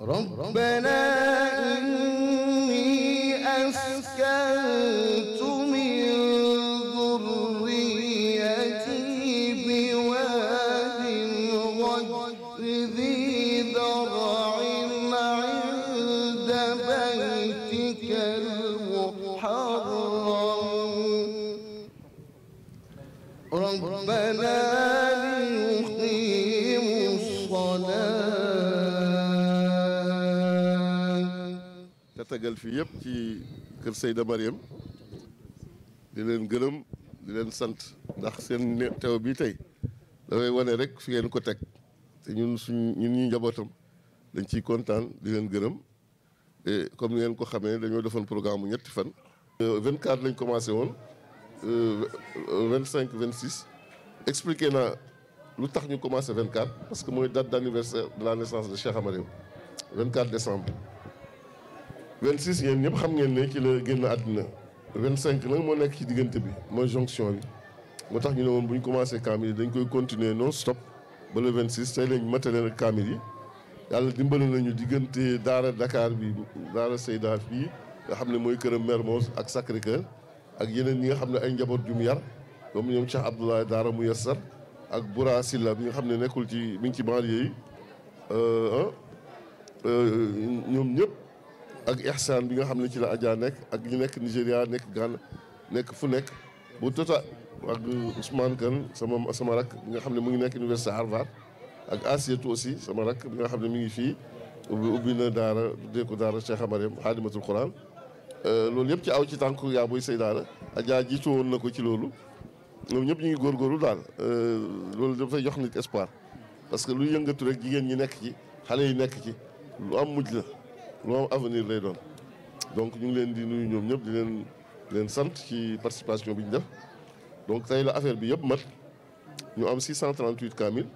ربنا إني أسكنت dajal fii yëpp ci kër Seyda Mariam di leen gërëm di leen sant ndax seen teew bii tey dafay wane rek fi ngeen ko teg te ñun suñ ñun ñuy njabootam dañ ciy kontaan di leen gërëm et comme ngeen ko xamee dañoo defoon programme bu ñetti fan. 24 euh, lañ commencé woon vint 26 explique naa lu tax ñu commencé 24 parce que mooy date d' anniversaire de la naissance de Cheikh Amariam 24 décembre. 26 yéen ñëpp xam ngeen ne ci la génn àddina 25 nag moo nekk ci diggante bi mooy jonction bi moo tax ñu ne woon bu ñu commencé kaamil yi dañ koy continuer non stop ba le 26 tey lañ matale rek kaamil yi yàlla dimbali nañu diggante Daara dakaar bi Daara Seyda fii nga xam ne mooy këram Mermoz ak Sacré ak yeneen ñi nga xam ne ay njaboot jum yar comme ñoom Cheikh Abdoulaye Daara mu yassar ak Boura Silla bi nga xam ne nekkul ci mi ngi ci banlieue yi euh, euh, ñoom ñëpp. ak Ihsan bi nga xam ne ci la Adja nekk ak ñu nekk Nigéria nekk Ghana nekk fu nekk bu total ak Ousmane Kane sama sama rak bi nga xam ne mu ngi nekk université Harvard ak Asiatou aussi sama rak bi nga xam ne mi ngi fii ubbi ubbi na daara dee ko daara Cheikh Amarem xaadimatul Quran euh, loolu yëpp ci aw ci tànk yaa booy say daara Adja jiitu woon na ko ci loolu ñoom ñëpp ñu ngi góorgóorlu daal euh, loolu dafa jox nit espoir parce que luy yëngatu rek jigéen ñi nekk ci xale yi nekk ci lu am mujj la lu avenir lay doon donc ñu ngi leen di nuyu ñoom ñëpp di leen leen sant ci participation bi ñu def donc tey la affaire bi yëpp mat ñu am 638 kaamil.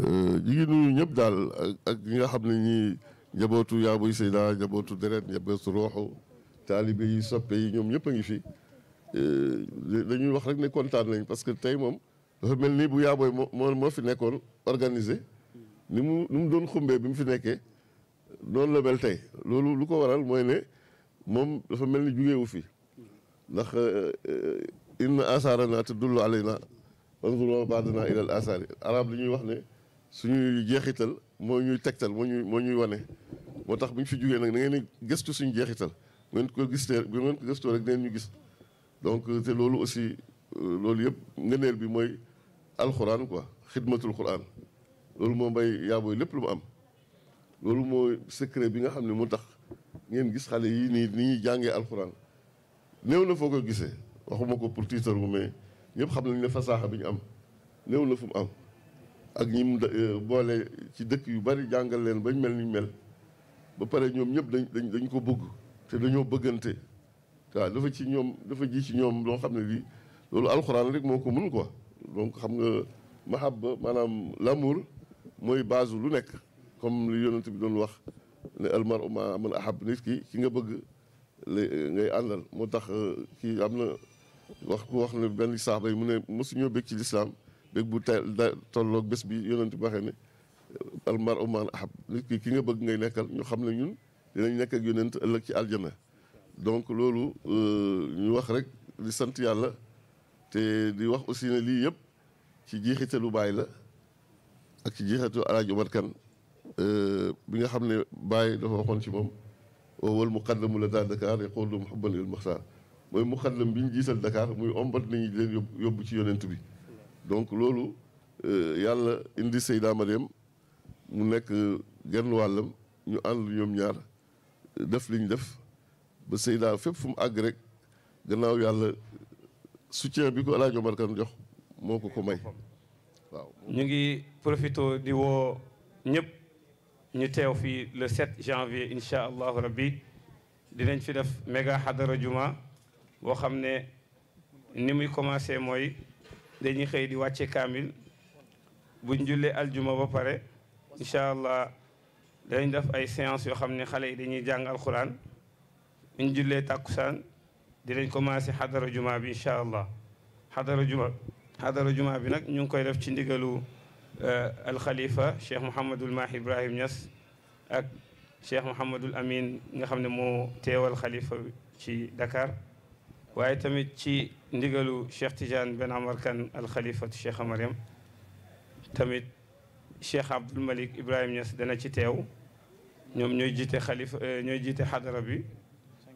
Euh, ñu ngi nuyu ñëpp daal ak ñi nga xam ne ñii njabootu yaabuy Seyda njabootu deret njabootu rooxu taalibe yi soppe yi ñoom ñëpp a ngi fi euh, dañuy wax rek ne kontaan nañ parce que tey moom dafa mel ni bu yaabooy moo moo fi nekkoon organisé ni mu ni mu doon xumbee bi mu fi nekkee. loolu la mel tey loolu lu ko waral mooy ne moom dafa mel ni jugeewu fi ndax euh, euh, inna asaarana tadullu alayna wanzurna baadana ilal asaari arab lu ñuy wax ne suñuy jeexital moo ñuy tegtal moo ñuy moo ñuy wane moo tax bu ñu fi jugee nag da ngeen di gëstu suñu jeexital bu ngeen ko gis te bu ngeen gëstoo rek dinañ ñu gis donc euh, te loolu aussi loolu yëpp ngëneel bi mooy alxuraan quoi xidmatul quran loolu moo bay yaa lépp lu mu am loolu mooy secret bi nga xam ne mu tax ngeen gis xale yi nii ni ñuy jàngee alxuraan néew na foo ko gisee waxuma ko pour tiitar gu mais ñëpp xam nañ ne fasaaxa bi ñu am néew na fu mu am ak ñi mu euh, boole ci dëkk yu bari jàngal leen bañ mel niñ mel ba pare ñoom ñëpp dañ dañ ko bëgg te dañoo bëggante waaw dafa ci ñoom dafa ji ci ñoom loo xam ne lii loolu alxuraan rek moo ko mun ko donc xam nga mahabba maanaam l'amour mooy base lu nekk comme lu yonent bi doon wax ne almar uma man ahab nit ki ki nga bëgg ngay àndal moo tax euh, kii am na wax ku wax ne benn saaba yi mu ne mosuñoo bég ci lislaam bég bu teel tolloog bés bi yonent bi waxee ne euh, almar uma man ahab nit ki ki nga bëgg ngay nekkal ñu xam ne ñun dinañ nekk ak yonent ëllëg ci aljana donc loolu euh, ñu wax rek di sant yàlla te di wax aussi na lii yëpp ci jeexitalu baay la ak ci jeexitalu El Hadj Omar Kane bi nga xam ne bàyyi dafa waxoon ci moom wal muqaddamu la daa Dakar yaqulu muhibban lil Muxtaar mooy muqaddam bi ñu jiital Dakar muy ombat nañu leen yóbbu yóbbu ci yonent bi donc loolu euh, yàlla indi Seyda Mariam mu nekk genn wàllam ñu ànd ñoom ñaar def li ñu def ba Seyda fépp fu mu àgg rek gannaaw yàlla soutien bi ko El Hadj Omar Kane jox moo ko ko may ñu ngi profité di woo ñëpp. ñu teew fii le 7 janvier incha allahu rabbi dinañ fi def méga xadara juma boo xam ne ni muy commencé mooy dañuy xëy di wàcce kaamil buñ jullee aljuma ba pare incha allah dañ def ay séance yoo xam ne xale yi dañuy jàng alquran buñ jullee tàkkusaan dinañ commencé xadara juma bi incha allah xadara juma xadara juma bi nag ñu ngi koy def ci ndigalu Eh, alxalifa cheikh Mouhamadul Mahi Ibrahim Niass ak cheikh Mouhamadul Amin nga xam ne moo teewal xalifa ci Dakar waaye tamit ci ndigalu cheikh Tidiane Ben Amar Kane alxalifatu cheikh Mariam tamit cheikh Abdoul Malik Ibrahim Niass dana ci teew ñoom ñooy jiite xalifa eh, ñooy jiite xadara bi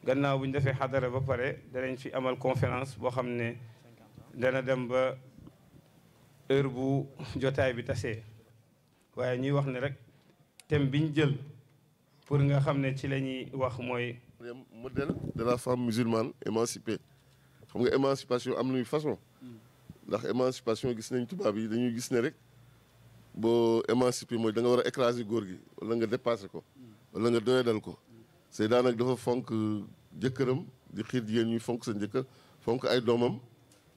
gannaaw bu ñu defee xadara ba pare danañ fi amal conférence boo xam ne dana dem ba. heure bu jotaay bi tasee waaye ñuy wax ne rek thème bi ñu jël pour nga xam ne ci la ñuy wax mooy. modèle de la femme musulmane émancipée xam nga émancipation am nañu façon. ndax émancipation gis nañ tubaab yi dañuy gis ne rek boo émancipé mooy da nga war a écraser góor gi wala nga dépassé ko. wala nga doyadal ko. Seydina nag dafa fonk jëkkëram di xiir jigéen ñuy fonk seen jëkkër fonk ay doomam.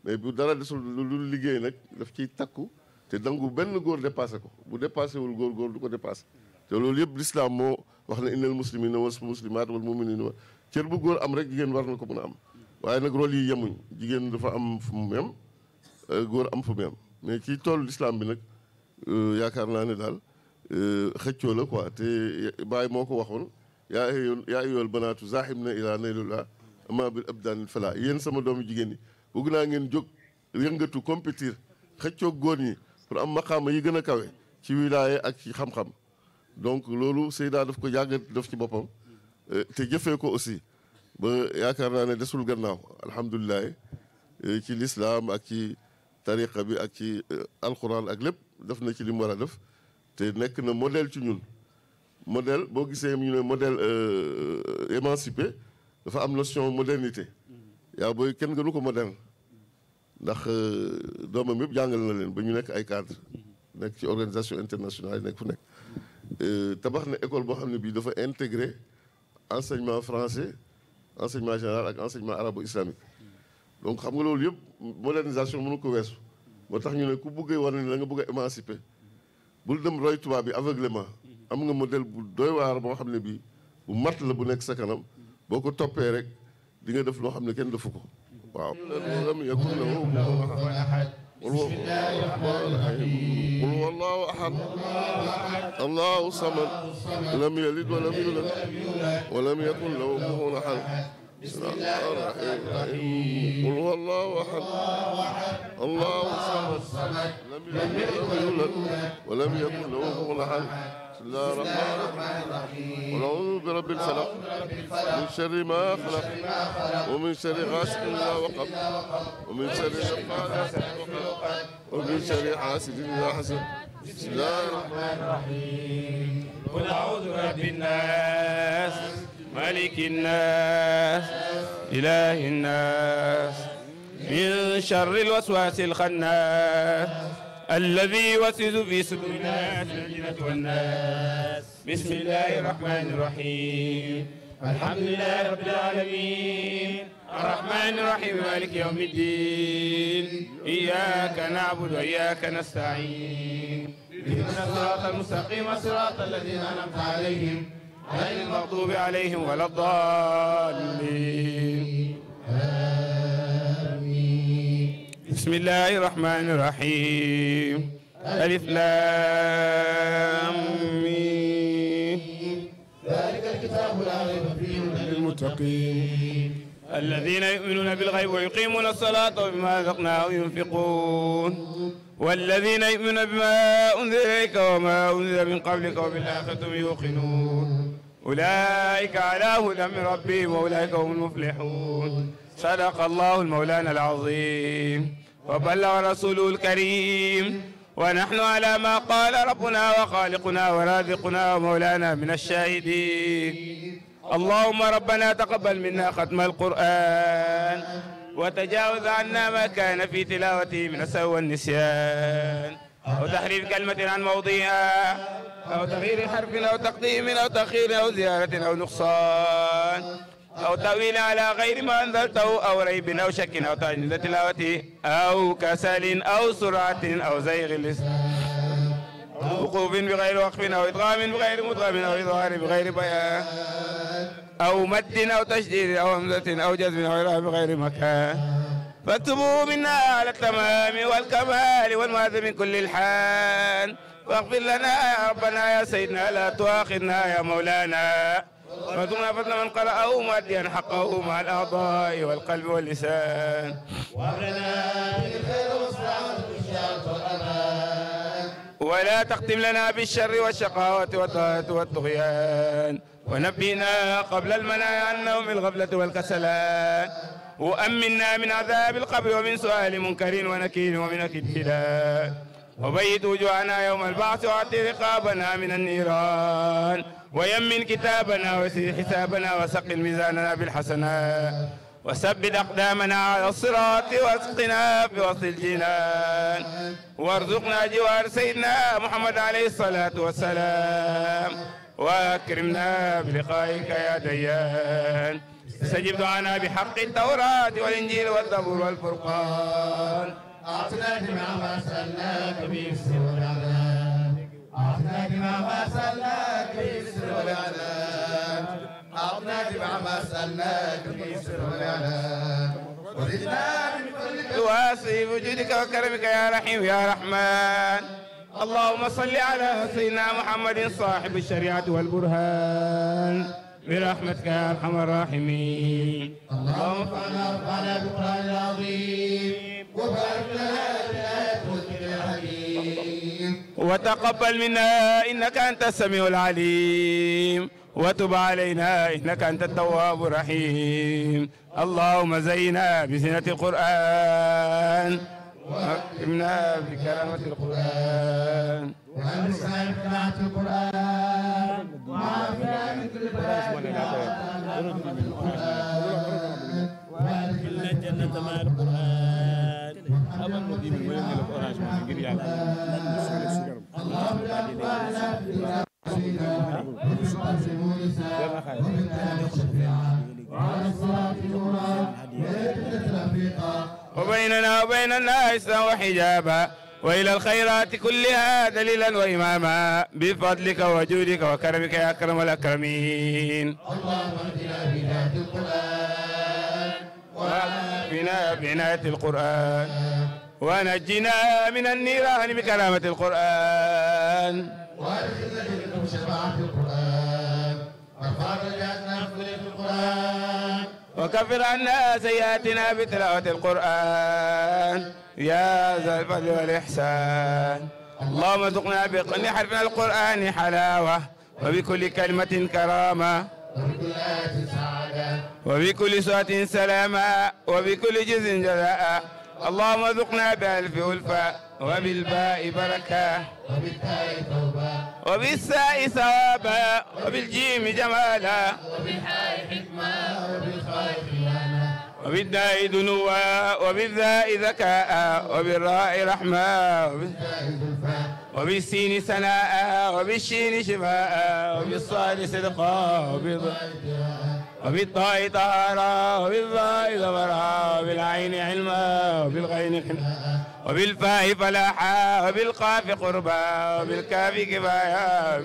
mais bu dara desul lu liggéey nag daf ciy takku te dangu benn góor dépassé ko bu dépassé wul góor góor du ko dépassé te loolu yëpp lislaam moo wax ne innal muslimina wal muslimaat wal muminina cër bu góor am rek jigéen war na ko mën am waaye nag rôle yi yemuñ jigéen dafa am fu mu yem euh, góor am fu mu mais ci tool lislaam bi nag euh, yaakaar naa ne daal euh, xëccoo la quoi te Baye moo ko waxoon yaa ayyuhal banaatu zaahimna ilaa naylillah ama bil abdaanil falaa yéen sama doomu jigéen yi bëgg naa ngeen jóg yëngatu compétir xëccoo góor ñi pour am maqaama yi gën a kawe ci wilaaye ak ci xam-xam donc loolu Seyda daf ko yàgg def ci boppam euh, te jëfee ko aussi ba yaakaar naa ne desul gannaaw alhamdulilah euh, ci lislaam ak ci tariqa bi ak ci euh, alquran ak lépp def na ci li mu war a def te nekk na modèle ci ñun model boo gisee mu ñu ne modèle émancipé dafa am notion modernité yaa booy kenn gënu ko moderne ndax euh, doomam yëpp jàngal na leen ba ñu nekk ay cadre nekk ci organisation internationale yi nekk fu nekk euh, tabax ne école boo xam ne bii dafa intégré enseignement français enseignement général ak enseignement arabo islamique donc xam nga loolu yëpp modernisation mënu ko weesu moo tax ñu ne ku buggee war ne la nga bëgg a émanciper bul dem roy tubaab bi aveuglement am nga modèle bu doy waar boo xam ne bii bu mat la bu nekk sa kanam boo ko toppee rek di nga def loo xam ne kenn defu ko waaw lam yakun lahu kufuwan ahad qul huwa allahu ahad qul huwa allahu ahad allahu samad lam yalid wa lam yulad wa lam yakun lahu kufuwan ahad bismillahir rahmanir rahim qul huwa allahu ahad allahu samad lam yalid wa lam yulad wa lam yakun lahu kufuwan ahad بسم الله الرحمن الرحيم قل أعوذ برب الفلق من شر ما خلق ومن شر غاسق إذا وقب ومن شر نفاثات ومن شر حاسد إذا حسد بسم الله الرحمن الرحيم قل أعوذ برب الناس ملك الناس إله الناس من شر الوسواس الخناس الذي يوسوس في صدور الناس الجنة والناس بسم الله الرحمن الرحيم الحمد لله رب العالمين الرحمن الرحيم مالك يوم الدين إياك نعبد وإياك نستعين اهدنا الصراط المستقيم صراط الذين أنعمت عليهم غير المغضوب عليهم ولا الضالين بسم الله الرحمن الرحيم ألف لام ذلك الكتاب لا ريب فيه هدى للمتقين الذين يؤمنون بالغيب ويقيمون الصلاة وبما رزقناهم ينفقون والذين يؤمنون بما أنزل إليك وما أنزل من قبلك وبالآخرة هم يوقنون أولئك على هدى من ربهم وأولئك هم المفلحون صدق الله المولان العظيم وبلغ رسوله الكريم ونحن على ما قال ربنا وخالقنا ورازقنا ومولانا من الشاهدين اللهم ربنا تقبل منا ختم القرآن وتجاوز عنا ما كان في تلاوته من السهو والنسيان أو تحريف كلمة عن موضعها أو تغيير حرف أو تقديم أو تأخير أو زيادة أو نقصان أو تأويل على غير ما أنزلته أو ريب أو شك أو تعجيز تلاوته أو كسل أو سرعة أو زيغ اللسان أو وقوف بغير وقف أو إدغام بغير مدغم أو إظهار بغير بيان أو مد أو تشديد أو همزة أو جزم أو إعراب بغير مكان فاكتبوه منا على التمام والكمال والمعز من كل الحان واغفر لنا يا ربنا يا سيدنا لا تؤاخذنا يا مولانا وارزقنا فضل من قرأه مؤديا حقه مع الأعضاء والقلب واللسان وأمرنا بالخير واستعمل بالشر والأمان ولا تختم لنا بالشر والشقاوة والطاعة والطغيان ونبينا قبل المنايا عن نوم الغفلة والكسلان وأمنا من عذاب القبر ومن سؤال منكر ونكير ومن أكيد وبيد وجوهنا يوم البعث وعد رقابنا من النيران ويمن كتابنا وسير حسابنا وسقل ميزاننا بالحسنات وثبت أقدامنا على الصراط واسقنا بوصل الجنان وارزقنا جوار سيدنا محمد عليه الصلاة والسلام وأكرمنا بلقائك يا ديان استجب دعانا بحق التوراة والإنجيل والزبور والفرقان أصلتنا وصلك بالسرعة أصلتنا وصلك بالسرعة أصلتنا وصلك بالسرعة وزدنا من كل واصف وجودك وكرمك يا رحيم يا رحمن اللهم صل على سيدنا محمد صاحب الشريعة والبرهان برحمتك يا ارحم الراحمين اللهم صل على القران العظيم وتقبل منا إنك أنت السميع العليم وتب علينا إنك أنت التواب الرحيم اللهم زينا بزينة القرآن وأكرمنا بكرامة القرآن وأنسنا بقناعة القرآن وعافنا من كل بلاء القرآن وأدخلنا الجنة مع القرآن amal na 10 000 ma yónnee la ko orange money ngir yàlla وبيننا وبين الناس وحجابا وإلى الخيرات كلها دليلا وإماما بفضلك وجودك وكرمك يا أكرم الأكرمين اللهم اهدنا بهداية القرآن وأكفنا بعناية القرآن ونجنا من النيران بكرامة القرآن وأرزقنا منكم شفاعة القرآن وارفع درجاتنا في القرآن وكفر عنا سيئاتنا بتلاوة القرآن يا ذا الفضل والإحسان اللهم ارزقنا بقن حرفنا القرآن حلاوة وبكل كلمة كرامة وبكل ساعة سلاما وبكل جزء جزاء اللهم ذقنا بألف ألفا وبالباء بركة وبالتاء توبة وبالساء ثوابا وبالجيم جمالا وبالحاء حكمة وبالخاء خيانة وبالداء دنوا وبالذاء ذكاء وبالراء رحمة وبالتاء زلفا وبالسين ثناء وبالشين شفاء وبالصاد صدقا وبالطاء طهارا وبالظاء ظفرا وبالعين علما وبالغين حنا وبالفاء فلاحا وبالقاف قربا وبالكاف كفايا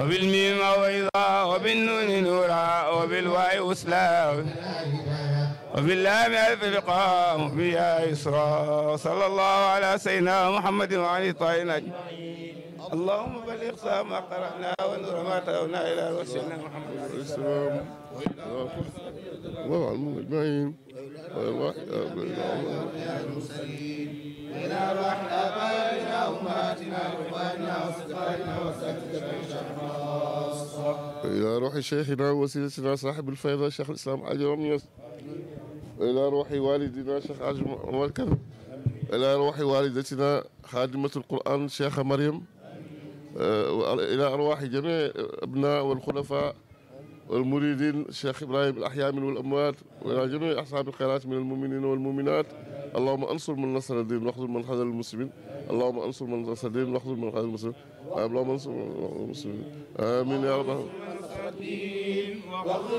وبالميم موعظا وبالنون نورا وبالواء وسلا وبالله من ألف لقاء بيا يسرى صلى الله على سيدنا محمد وعلى الطاهرين أجمعين اللهم بلغ سا ما قرأنا ونور ما تلونا إلى رسولنا محمد عليه السلام وعلى أجمعين وإلى أرواح آبائنا وأمهاتنا وإخواننا وأصدقائنا وأساتذتنا إلى روح شيخنا وسيلتنا صاحب الفيضة شيخ الإسلام عجل يس وإلى روح والدنا شيخ عاج عمر كرم إلى روح والدتنا خادمة القرآن شيخة مريم إلى أرواح جميع أبناء والخلفاء والمريدين الشيخ إبراهيم الأحياء من والأموات وإلى جميع أصحاب الخيرات من المؤمنين والمؤمنات اللهم أنصر من نصر الدين واخذل من خذل المسلمين اللهم أنصر من نصر الدين واخذل من خذل المسلمين اللهم أنصر من المسلمين آمين يا رب واخذل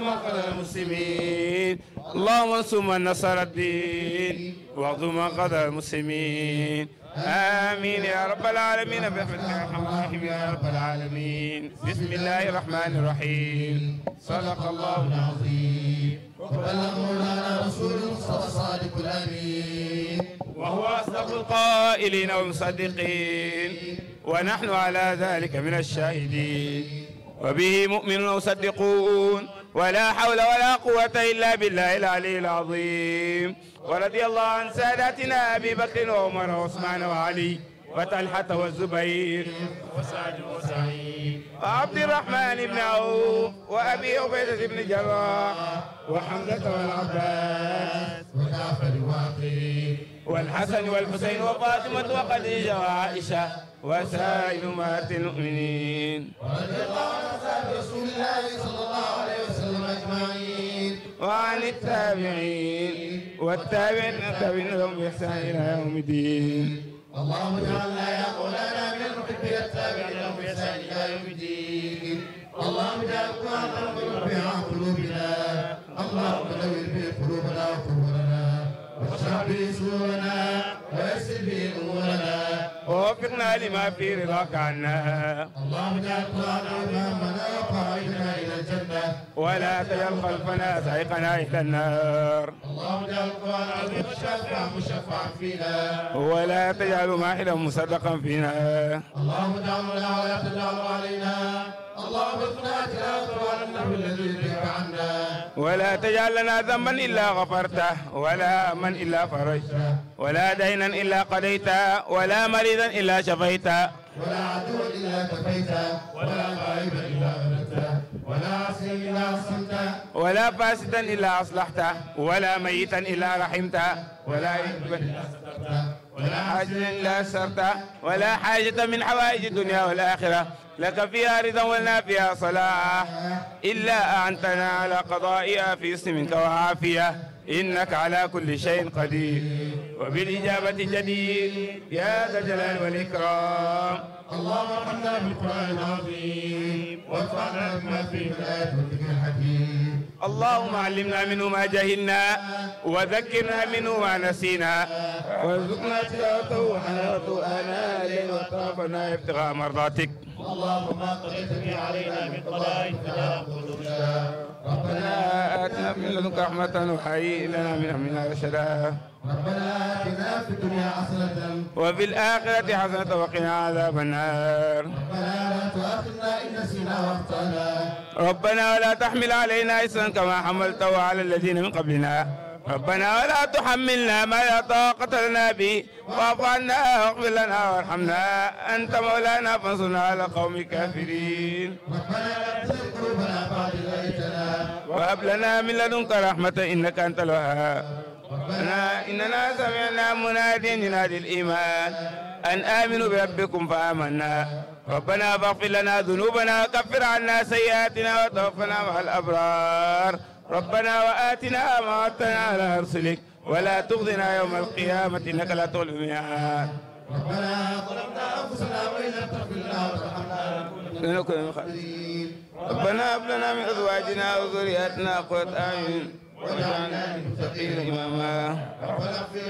من خذل المسلمين اللهم أنصر من نصر الدين واخذل من خذل المسلمين آمين يا رب العالمين برحمتك يا أرحم الراحمين يا رب العالمين بسم الله الرحمن الرحيم صدق الله العظيم وبلغ مولانا رسول المصطفى الصادق الأمين وهو أصدق القائلين والمصدقين ونحن على ذلك من الشاهدين وبه مؤمنون وصدقون ولا حول ولا قوة إلا بالله العلي العظيم ورضي الله عن ساداتنا أبي بكر وعمر وعثمان وعلي وطلحة والزبير وسعد وسعيد وعبد الرحمن بن عوف وأبي عبيدة بن جراح وحمزة والعباس ونافل واقيل والحسن والحسين وفاطمة وخديجة وعائشة وسائر أمهات المؤمنين ورضي الله عن أصحاب رسول الله صلى الله عليه وسلم أجمعين وعن التابعين والتابعين التابعين لهم بإحسان إلى يوم الدين اللهم اجعلنا يا مولانا من المحبين التابعين لهم بإحسان إلى يوم الدين اللهم اجعل القرآن ربنا في قلوبنا اللهم نور به قلوبنا وقلوبنا يحبسونا ويسر به امورنا ووفقنا لما في رضاك عنا اللهم اجعل قرآن امامنا وقائدنا الى الجنه ولا تجعل خلفنا سائقنا الى النار اللهم اجعل القرآن عظيم الشافع مشفعا فينا ولا تجعل ماحلا مصدقا فينا اللهم اجعلنا ولا تجعل علينا ولا تجعل لنا ذنبا إلا غفرته ولا من إلا فرجته ولا دينا إلا قضيته ولا مريضا إلا شفيته ولا عدوا إلا كفيته ولا غائبا إلا أردته ولا عصيا إلا عصمته ولا فاسدا إلا أصلحته ولا ميتا إلا رحمته ولا إثما إلا سترته ولا حاجة إلا سرته ولا حاجة من حوائج الدنيا والآخرة لك فيها رضا ولنا فيها صلاح إلا أعنتنا على قضائها في اسمك وعافية إنك على كل شيء قدير وبالإجابة جدير يا ذا الجلال والإكرام اللهم ارحمنا بالقرآن العظيم وارفعنا بما فيه من الآيات والذكر الحكيم اللهم علمنا منه ما جهلنا وذكرنا منه ما نسينا وارزقنا تلاوته وحلاوته آناء الليل وأطرافنا ابتغاء مرضاتك اللهم ما قضيت به علينا من قضاء فلا نقول ربنا آتنا من لدنك رحمة وهيئ لنا من أمرنا رشدا ربنا آتنا في الدنيا حسنة وفي الآخرة حسنة وقنا عذاب النار ربنا لا تؤاخذنا إن نسينا وأخطأنا ربنا ولا تحمل علينا إسرا كما حملته على الذين من قبلنا ربنا ولا تحملنا ما لا طاقة لنا به واعف عنا واغفر لنا وارحمنا أنت مولانا فانصرنا على قوم الكافرين وهب لنا من لدنك رحمة إنك أنت الوهاب ربنا إننا سمعنا مناديا ينادي الإيمان أن آمنوا بربكم فآمنا ربنا فاغفر لنا ذنوبنا وكفر عنا سيئاتنا وتوفنا مع الأبرار ربنا وآتنا ما وعدتنا على رسلك ولا تخزنا يوم القيامة إنك لا تخلف الميعاد ربنا ظلمنا أنفسنا وإن لم تغفر لنا وترحمنا لنكن من الخاسرين ربنا هب لنا من أزواجنا وذرياتنا قرة أعين واجعلنا للمتقين إماما ربنا اغفر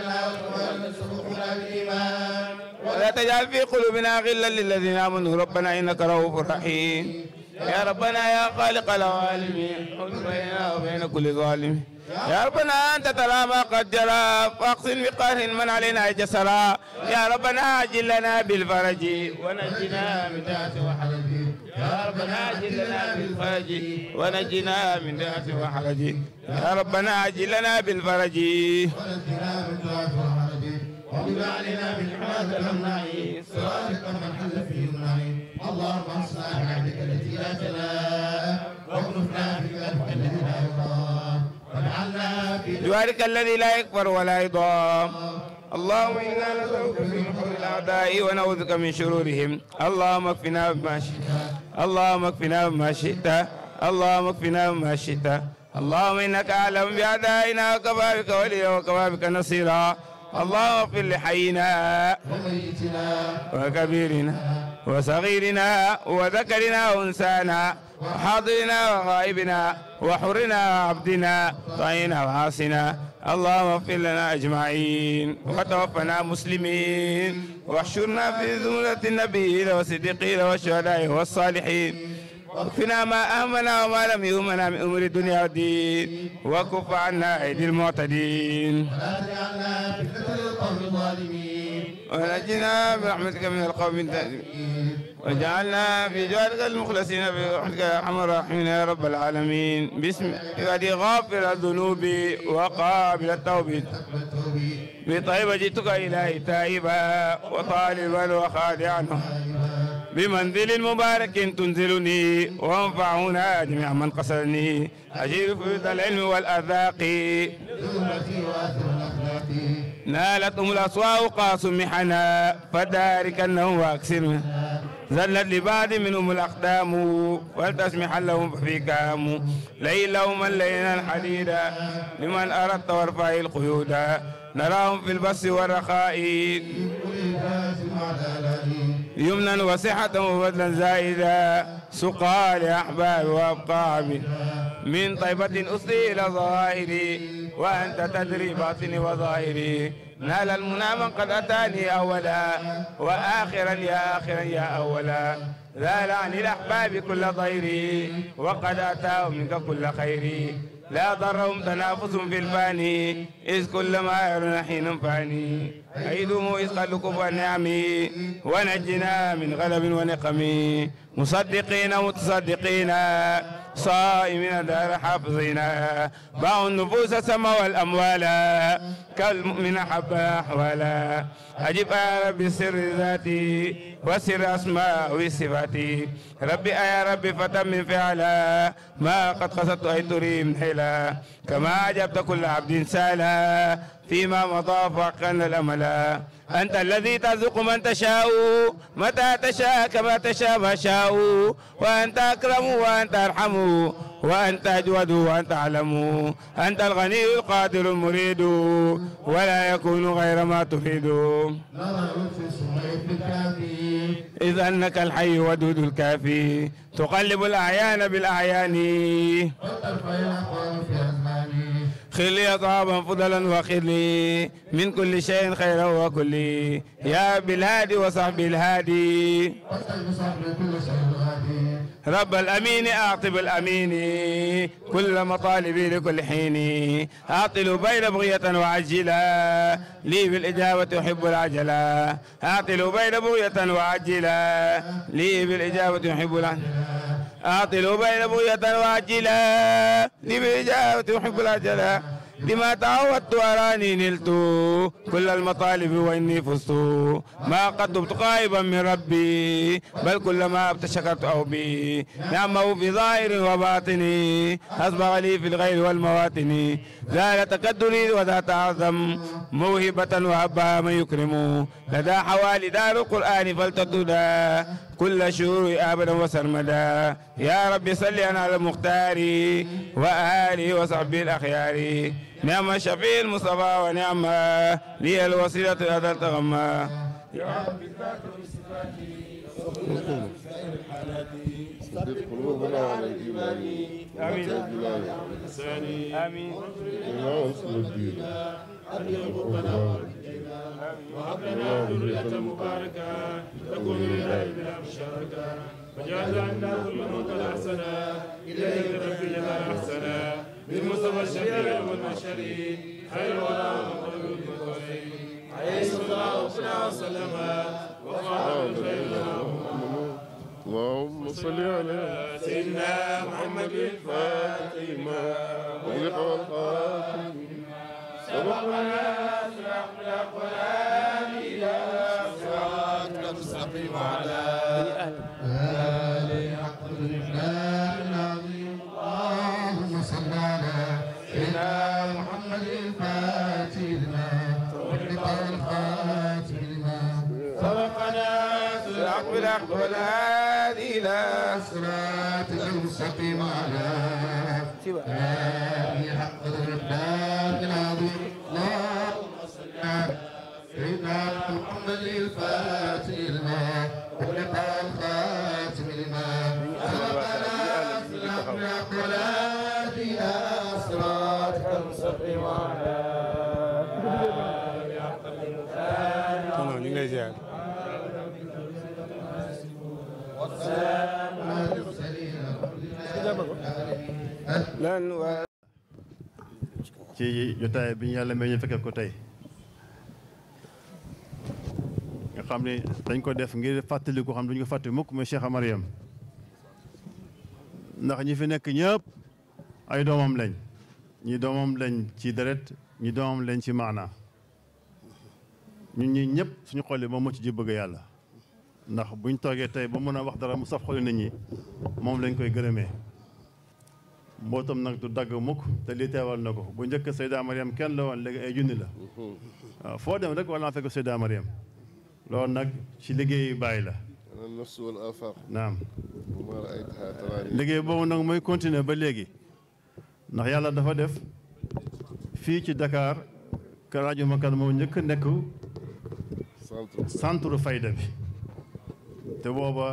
لنا ولنا شيوخنا بالإيمان ولا تجعل في قلوبنا غلا للذين آمنوا ربنا إنك رؤوف رحيم يا ربنا يا خالق العالمين حكم بيننا وبين كل ظالم يا ربنا أنت ترى ما قد جرى فاقسم بقهر من علينا جسرا يا ربنا عجل لنا بالفرج ونجنا من داس وحرج يا ربنا عجل لنا بالفرج ونجنا من داس وحرج يا ربنا عجل لنا بالفرج ونجنا من داس وحرج وقضى علينا بالحمد المنعي صراطك من حل اللهم انصرنا بعبدك التي لا تنام واكنفنا بجوارك الذي لا يضام واجعلنا بجوارك الذي لا يكبر ولا يضام اللهم انا نسالك من حول الاعداء ونعوذك من شرورهم اللهم اكفنا بما شئت اللهم اكفنا بما شئت اللهم اكفنا بما شئت اللهم انك اعلم باعدائنا وكفى بك وليا وكفى بك نصيرا اللهم اغفر لحينا وميتنا وكبيرنا وصغيرنا وذكرنا وانسانا وحاضرنا وغائبنا وحرنا وعبدنا طعينا وعاصنا اللهم اغفر لنا اجمعين وتوفنا مسلمين واحشرنا في زمرة النبيين والصديقين والشهداء والصالحين واكفنا ما اهمنا وما لم يهمنا من امور الدنيا والدين وكف عنا ايدي المعتدين ولا تجعلنا فتنة للقوم الظالمين ونجنا برحمتك من القوم الظالمين وجعلنا في جوارك المخلصين برحمتك يا ارحم الراحمين يا رب العالمين باسم عبادي غافر الذنوب وقابل التوبه بطيبة جئتك إلهي تائبا وطالبا وخادعا بمنزل مبارك تنزلني وانفعنا جميع من قصدني أجيب في العلم والأذاق نالتهم الأسواء قاس محنا فدارك أنهم واكسر زلت لبعض منهم الأقدام ولتسمح لهم في كام ليلهم الليل الحديد لمن أردت وارفع القيود نراهم في البس والرخاء يمنا وصحة وبدلا زائدا سقى لأحباب وأبقى من طيبة أسئل ظواهري وأنت تدري باطني وظاهري نال المنى من قد أتاني أولا وآخرا يا آخرا يا أولا ذال عن الأحباب كل ضيري وقد أتاه منك كل خيري لا ضرهم تنافس في الفاني إذ كل ما يرون حين فاني عيدهم إذ قلقوا فنعمي ونجنا من غلب ونقم مصدقين متصدقين صائمين دار حافظين باعوا النفوس السما والأموال كالمؤمن حب أحوالا أجب رب السر ذاتي وسر أسماء صفاتي ربي يا ربي فتم فعلا ما قد قصدت أن تري من حلا كما أجبت كل عبد سالا فيما مضى فأقلنا الأملا أنت الذي ترزق من تشاء متى تشاء كما تشاء ما شاء وأنت أكرم وأنت أرحم وأن تجودوا وأن تعلموا أنت الغني القادر المريد ولا يكون غير ما تفيد إذ أنك الحي ودود الكافي تقلب الأعيان بالأعيان خلي طابا فضلا وخلي من كل شيء خيرا وكلي يا بالهادي وصحبي الهادي رب الأمين أعطب الأمين كل مطالبي لكل حين أعطل بين بغية وعجلا لي بالإجابة أحب العجلة أعطل بين بغية وعجلا لي بالإجابة أحب العجلة أعطلوا بين بغية واجلة لبجاء تحب الأجلة بما تعودت أراني نلت كل المطالب وإني فزت ما قد دبت قائبا من ربي بل كلما أبت شكرت أو بي نعمه في ظاهر وباطني أصبغ لي في الغير والمواتن زالت قدري وتتعظم موهبة وأبا ما يكرم لدى حوالي دار القرآن فلتدودا كل شهور أبدا وسرمدا يا رب صل على المختار وآله وصحبه الأخيار نعم الشفيع المصطفى ونعم لي الوسيلة لدى التغمى يا رب ذات وصفاته وخذ الحالات سدد قلوبنا على الإيمان وتجلنا بالإحسان آمين اجمع نصر الدين أبلغ قربنا وهب لنا ذرية مباركة تكون لنا بلا مشاركة وجعل عنا كل موطن أحسنا إليك ربي لنا أحسنا بالمصطفى الشفيع والمشري خير ولا مقرب المكرم عليه الصلاة والسلام وفعل الخير لنا اللهم صل على سيدنا محمد الفاتح لما ولق والخاتم سبقنا سبق الأقوال إلى صراط المستقيم وعلى آله حق العظيم اللهم صل على سيدنا محمد الفاتح لما ولق والخاتم سبقنا سبق الأقوال إلى صراط المستقيم على سواء حق الدار العظيم اللهم صل على سيدنا محمد الفاتح lan ci jotaay bi ñu yàlla may ñu fekkee ko tey nga xam ne dañ ko def ngir fàttali ko xam ne duñu ko fàtte mukk mooy Cheikh Amar Yam ndax ñi fi nekk ñëpp ay doomam lañ ñi doomam lañ ci deret ñi doomam lañ ci maana ñun ñi ñëpp suñu xoolee ba mucc ji bëgg yàlla ndax buñ toogee tey ba mën a wax dara mu saf xoli nit ñi moom lañ koy gërëmee mbootam nag du dagg mukk te lii teewal na ko bu njëkk Seyda Mariam kenn la woon ay junni la mhm. waaw foo dem rek wala nga fekk Seyda Mariam loolu nag ci liggéey bàyyi la naam liggéey boobu nag mooy continuer ba léegi ndax yàlla dafa def fii ci dakaar Kër Radiou Makan moo njëkk nekk centre fayda bi te booba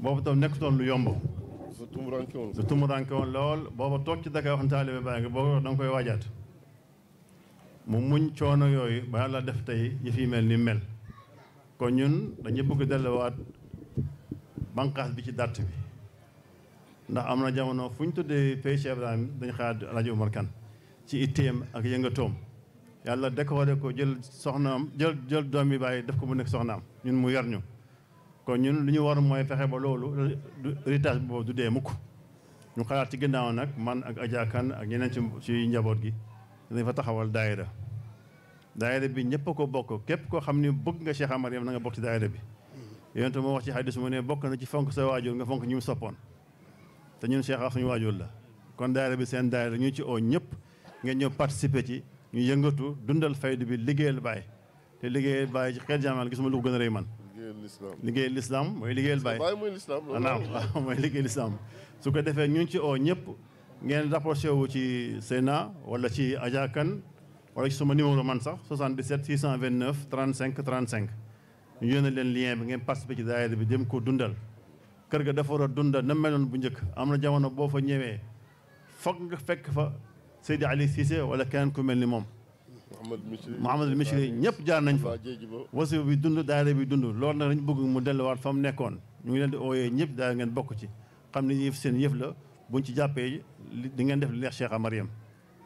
boobu tam nekkutoon lu yomb. dafa tumuranke woon lool booba toog ci Dakar waxoon taalibe baa ngi boo danga koy waajaat mu muñ coono yooyu ba yàlla def tey yëf fi mel ni mel kon ñun dañuy bëgg delluwaat banqaas bi ci dàtt bi ndax am na jamono fu ñu tuddee pays Cheikh Ibrahim dañu xalaat rajo Omar Kane ci itteem ak yëngatoom yàlla décoré ko jël soxnaam jël jël doom yi bàyyi def ko mu nekk soxnaam ñun mu yar ñu kon ñun lu ñu war mooy fexe ba loolu héritage boobu du dee mukk ñu xalaat ci ginnaaw nag man ak Adja Kane ak ñeneen ci ci njaboot gi dañ fa taxawal daayira daayira bi ñëpp ko bokk képp koo xam ne bëgg nga Cheikh Amar na nga bokk ci daayira bi yonent moo wax ci xadis mu ne bokk na ci fonk sa waajur nga fonk ñu mu soppoon te ñun Cheikh suñu waajur la kon daayira bi seen daayira ñu ci oo ñëpp ngeen ñëw participer ci ñu yëngatu dundal faydu bi liggéeyal Baay te liggéeyal Baay ci xeet jaamal gisuma lu ko gën a man liggéeyal lislaam liggéeyal lislaam mooy liggéeyal baay baay mooy lislaam anaam waaw mooy liggéeyal lislaam su ko defee ñu ngi ci oo ñëpp ngeen rapproché wu ci Seyna wala ci Adja Kane wala ci sama numéro man sax 77 629 35 35 ñu yónnee leen lien bi ngeen participé ci daayira bi dem ko dundal kër ga dafa war dundal na meloon bu njëkk am na jamono boo fa ñewee foog nga fekk fa Seydi Ali Cissé wala keneen ku mel ni moom Mouhamadul Misri ñëpp jaar nañ fa wasifa bi dund daayira bi dund loolu nag lañ bëgg mu delluwaat fa nekkoon ñu ngi leen di ooyee ñëpp daal ngeen bokk ci xam ne yëf seen yëf la buñ ci jàppee di ngeen def li neex Cheikh Amar Yam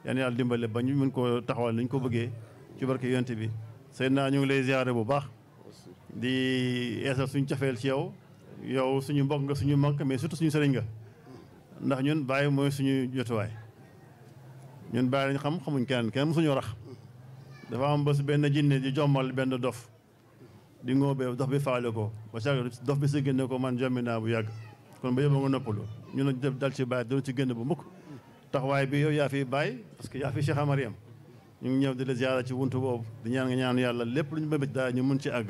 yàlla dimbale ba ñu mën koo taxawal ni ko bëggee ci barke yonte bi Seydina ñu ngi lay ziare bu baax di eesal suñ cafeel ci yow yow suñu mbokk nga suñu mag mais surtout suñu sëriñ nga ndax ñun bàyyi mooy suñu jotuwaay ñun bàyyi lañ xam xamuñ keneen kenn mësuñu rax dafa am bés benn jinne di jombal benn dof di ngóobee dof bi faale ko ba chaque dof bi si génne ko man jommi naa bu yàgg kon ba yóbbu nga noppalu ñu ne dal ci bàyyi doon ci génn bu mukk taxawaay bi yow yaa fi bàyyi parce que yaa fi Cheikh Amar Yam ñu ngi ñëw di la ziara ci wuntu boobu di ñaan nga ñaan yàlla lépp lu ñu bëbëj daal ñu mun ci àgg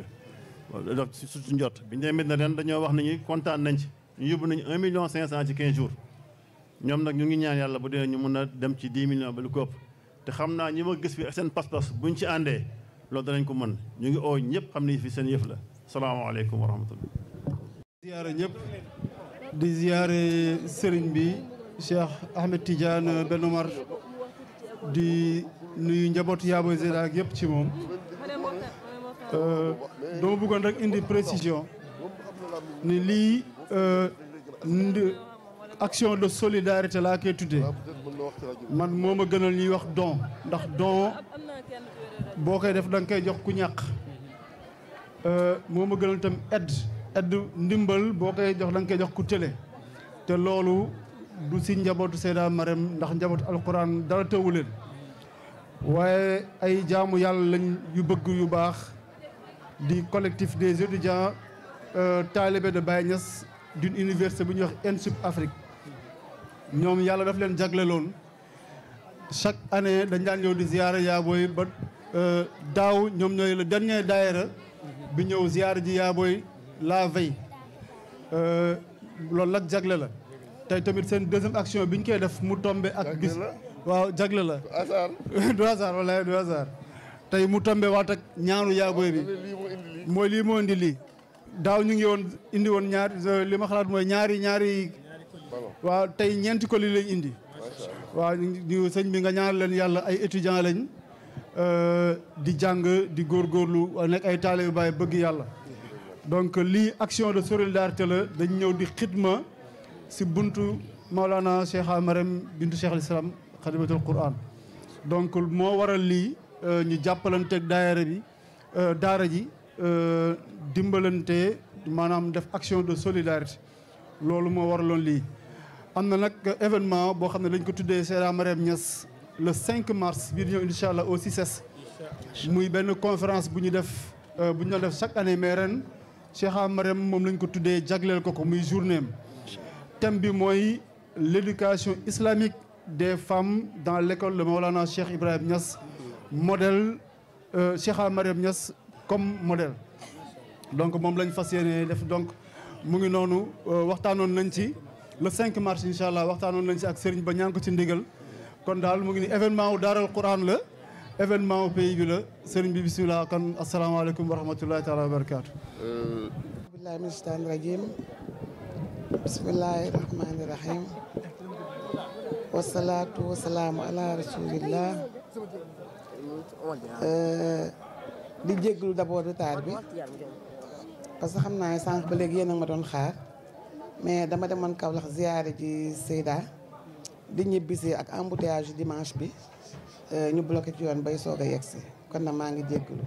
dof su njot bi ñu demee na ren dañoo wax nañu kontaan nañ ci ñu yóbbu nañ un million cinq cent ci quinze jours ñoom nag ñu ngi ñaan yàlla bu dee ñu mun a dem ci dix millions ba lu ko te xam naa ñi ma gis fi ak seen pas-pas buñ ci àndee loolu danañ ko mën ñu ngi oo ñëpp xam ni fi seen yëf la salaamaaleykum wa rahmatullah ziyaare di ziyaare sëriñ bi Cheikh Ahmed Tidiane Ben Omar di njabootu Yaa yëpp ci moom euh, dama bëggoon rek indi précision ni lii euh, action de solidarité laa koy tuddee man moo ma gënal ñuy wax don ndax don boo koy def da nga koy jox ku ñàkk euh, moo ma gënal itam aide aide ndimbal boo koy jox da nga koy jox ku tële te loolu du si njabootu Seyda Marème ndax njabootu alquran dara teewu leen waaye ay jaamu yàlla lañ yu bëgg yu baax di collectif des étudiants euh, taalibe de Baye Niass d'une université bu ñuy wax ENSUP Afrique ñoom yàlla daf leen jagle loon chaque année dañ daan ñëw di ziyaara yaabooy ba euh, daaw ñoom ñooy le dernier daayira bi ñëw ziyaara ji yaabooy la veille euh, loolu nag jagle la tey tamit seen deuxième action bi ñu koy def mu tombe ak bis waaw jagle la du hasard wala du hasard tey mu tombe waat ak ñaanu yaabooy bi mooy lii moo indi lii daaw ñu ngi woon indi woon ñaar euh, li ma xalaat mooy ñaari ñaari waaw tey ñeenti ko colis lañ indi waaw ñu sëñ bi nga ñaanal leen yàlla ay étudiants lañ euh, di jàng di góor góorgóorlu nekk ay taalibe Baay bëgg yàlla donc lii action de solidarité la dañ ñëw di xidma si bunt Maolana Cheikh Amaram bintu Cheikh al-Islam xadimatul Quran donc moo waral lii euh, ñu jàppalanteeg daayira bi euh, daara ji dimbalante maanaam def action de solidarité loolu moo waraloon lii am na nag événement boo xam ne dañ ko tuddee Sera Mariam ñas le 5 mars bii di ñëw incha allah au muy benn conférence bu ñu def euh, bu ñu doon def chaque année mais ren Sera Mariam moom lañ ko tuddee jagleel ko ko muy journée am thème bi mooy l' islamique des femmes dans l' école de Maolana Cheikh Ibrahim Niass modèle euh, Sera Mariam Niass comme modèle donc moom lañ fas yéene def donc mu ngi noonu euh, waxtaanoon nañ ci. le 5 mars incha allah waxtaanoon nañ si ak sëriñ ba ñaan ko ci ndigal kon daal mu ngi ni événement wu daaral quran la événement pays bi la sëriñ bi bisimilah kon asalaamaaleykum wa rahmatullahi taala wa barakaatu billahi min shaytaan rajim bismillahi rahmani rahim wasalaatu wasalaamu ala rasulillah di jégglu d'abord retard bi parce que xam naa ne sànq ba léegi yéen a ma doon xaar mais dama demoon Kaolack ziyaare ji Seyda di ñibbisi ak embouteillage dimanche bi euh, ñu bloqué ci yoon bay soog a yegsi kon na maa ngi jéggalu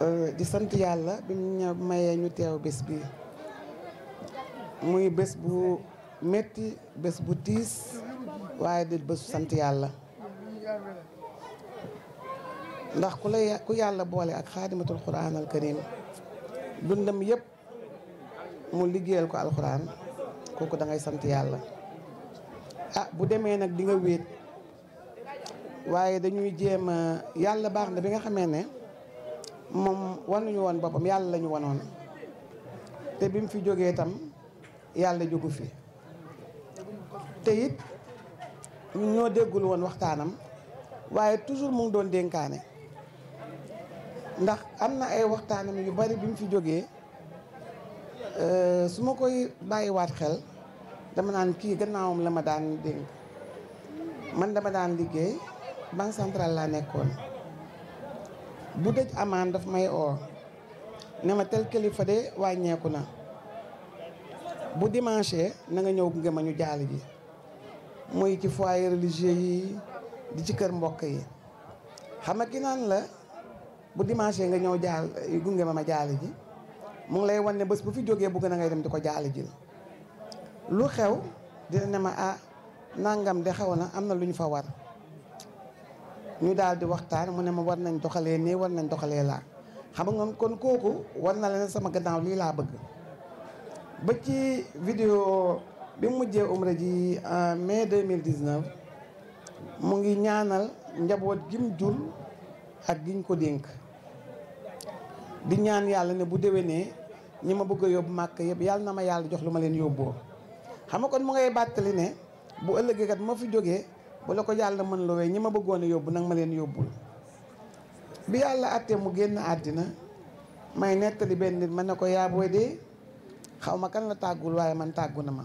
euh, di sant yàlla bi ñu ñu teew bés bi muy bés bu metti bés bu tiis waaye di bésu sant yàlla ndax ku la ku yàlla boole ak xaadimatul quran al dundam yëpp mu liggéeyal ko alxuraan kooku da sant yàlla ah bu demee nag di nga wéet waaye dañuy jéem a yàlla baax na bi nga xamee ne moom wanuñu woon boppam yàlla lañu ñu wanoon te bi mu fi jógee itam yàlla jógu fi te it ñun ñoo déggul woon waxtaanam waaye toujours mu ngi doon dénkaane ndax am na ay waxtaanam yu bari bi mu fi jógee Euh, su ma koy bàyyiwaat xel dama naan kii gannaawam la ma daan dénk man dama daan liggéey banque centrale laa nekkoon bu dëj amaan daf may oo ne ma tel kilifa de wàññeeku na bu dimanche na nga ñëw gunge ma ñu jaal ji muy ci foyer religieux yi di ci kër mbokk yi xam nga ki naan la bu dimanche nga ñëw jaal gunge ma ma jaal ji mu ngi lay wan ne bés bu fi jógee bëgg na ngay dem di ko jaale jël lu xew dina ne ma ah nangam de xew na am na lu ñu fa war ñu daal di waxtaan mu ne ma war nañ doxalee nii war nañ doxalee laa xam nga kon kooku war na leen sama gannaaw lii laa bëgg ba ci vidéo bi mujjee umra ji en euh, mai 2019 mu ngi ñaanal njaboot gim jur ak giñ ko dénk di ñaan yàlla ne bu déwénee ñi ma bëgg a yóbbu màkk yëpp yàlla na ma yàlla jox lu ma leen yóbboo xam nga kon mu ngay bàttali ne bu ëllëgee kat ma fi jóge bu la ko yàlla mën lowee ñi ma bëggoon yóbbu nag ma leen yóbbul bi yàlla àttee mu génn àddina may nettali benn nit ma ne ko yaa booy de xaw ma kan la tàggul waaye man tàggu na ma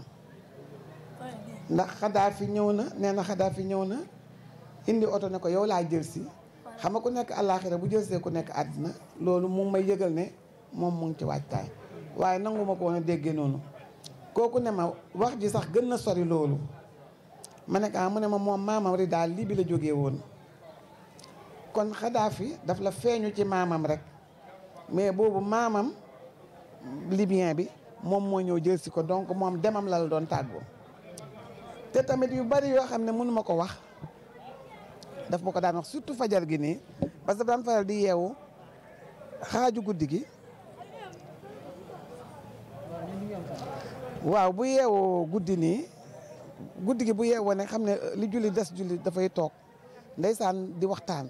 ndax fi ñëw na nee na fi ñëw na indi oto ne ko yow laay jël si xam nga ku nekk àllaaxira bu jëlsee ku nekk àddina loolu mu may yëgal ne moom mu ngi ci waajtaay waaye nangu ma ko woon a déggee noonu kooku ne ma wax ji sax gën na sori loolu ma ne ah mu ne ma moom maamam rek daal lii bi la jógee woon kon Xadaafi daf la feeñu ci maamam rek mais boobu maamam libyen bi moom moo ñëw jël si ko donc moom demam la la doon tàggoo te tamit yu bari yoo xam ne mënu ma ko wax. daf ma ko daan wax surtout fajar gi nii parce que daan faral di yeewu xaaju guddi gi. waaw bu yeewoo guddi nii guddi gi bu yeewoo ne xam ne li julli des julli dafay toog ndeysaan di waxtaan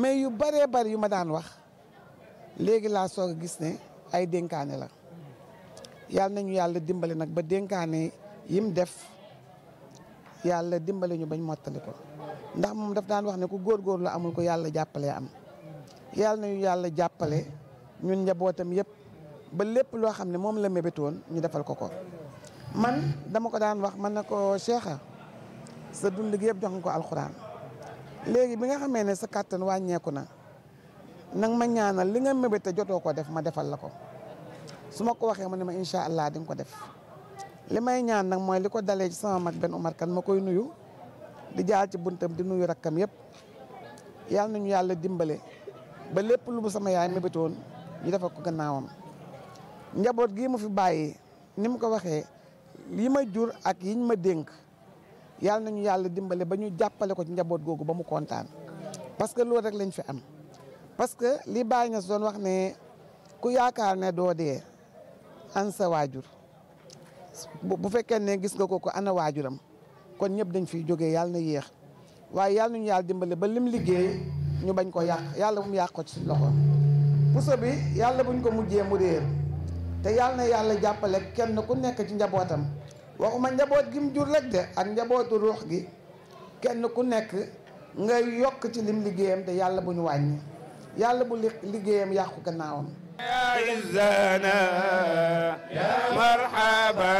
mais yu bëree bëri yu ma daan wax léegi laa soog a gis ne ay dénkaane la yàlla nañu yàlla dimbali nag ba dénkaane yim def yàlla dimbali ñu bañ mottali ko ndax moom daf daan wax ne ku góorgóor la amul ko yàlla jàppale am yàlla nañu yàlla jàppale ñun njabootam yëpp ba lépp loo xam ne moom la mébétoon ñu defal ko ko man dama ko daan wax man na ko Cheikha sa dund gi yëpp jox nga ko alxuraan léegi bi nga xamee ne sa kàttan wàññeeku na nang ma ñaanal li nga mébét jotoo ko def ma defal la ko su ma ko waxee mu ne ma incha allah di nga ko def li may ñaan nag mooy li ko dalee ci sama mag benn Umar kan ma koy nuyu di jaar ci buntam di nuyu rakkam yëpp yàlla nañu yàlla dimbale ba lépp lu mu sama yaay mébétoon ñu defal ko gannaawam njaboot gi mu fi bàyyi ni mu ko waxee li ma jur ak yiñ ma dénk yàlla nañu yàlla dimbale ba ñu jàppale ko ci njaboot googu ba mu kontaan parce que loolu rek lañ fi am parce que li bàyyi nga doon wax ne ku yaakaar ne doo dee an sa waajur bu fekkee ne gis nga ko ko ana waajuram kon ñëpp dañ fiy jóge yàlla na yéex waaye yàlla nañu yàlla dimbale ba lim liggéey ñu bañ ko yàq yàlla bu mu yàq ko ci loxo puso bi yàlla buñ ko mujjee mu réer te yàlla na yàlla jàppale kenn ku nekk ci njabootam waxuma njaboot gi mu jur rek de ak njabootu ruux gi kenn ku nekk nga yokk ci lim liggéeyam te yàlla bu ñu wàññi yàlla bu liggéeyam yàqu gannaawam يا عزنا يا مرحبا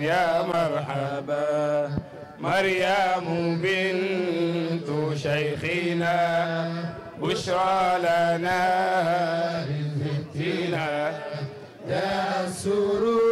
يا مرحبا مريم بنت شيخنا بشرى لنا بالفتنة يا السرور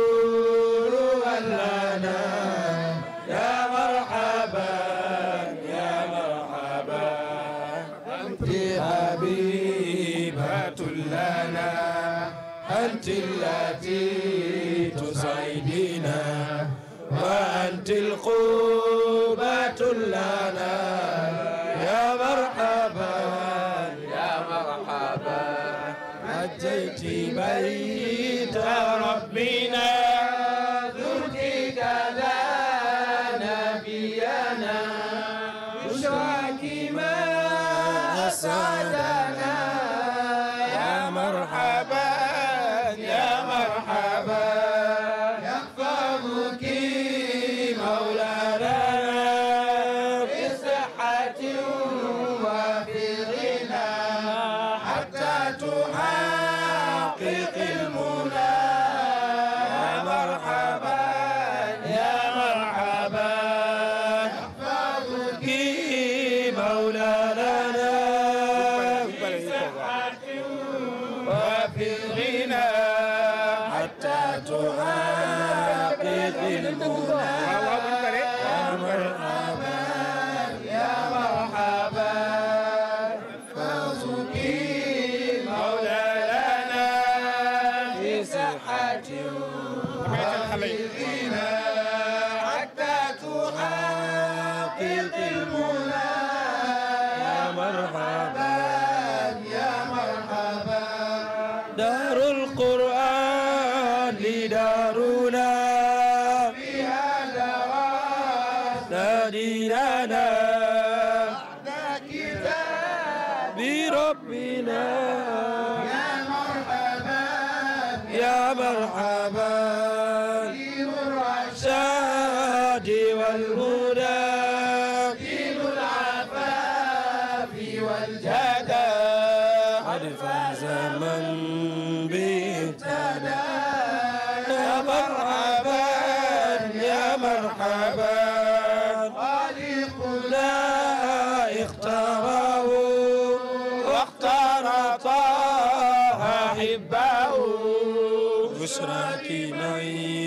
ki أحباؤه بشرى كي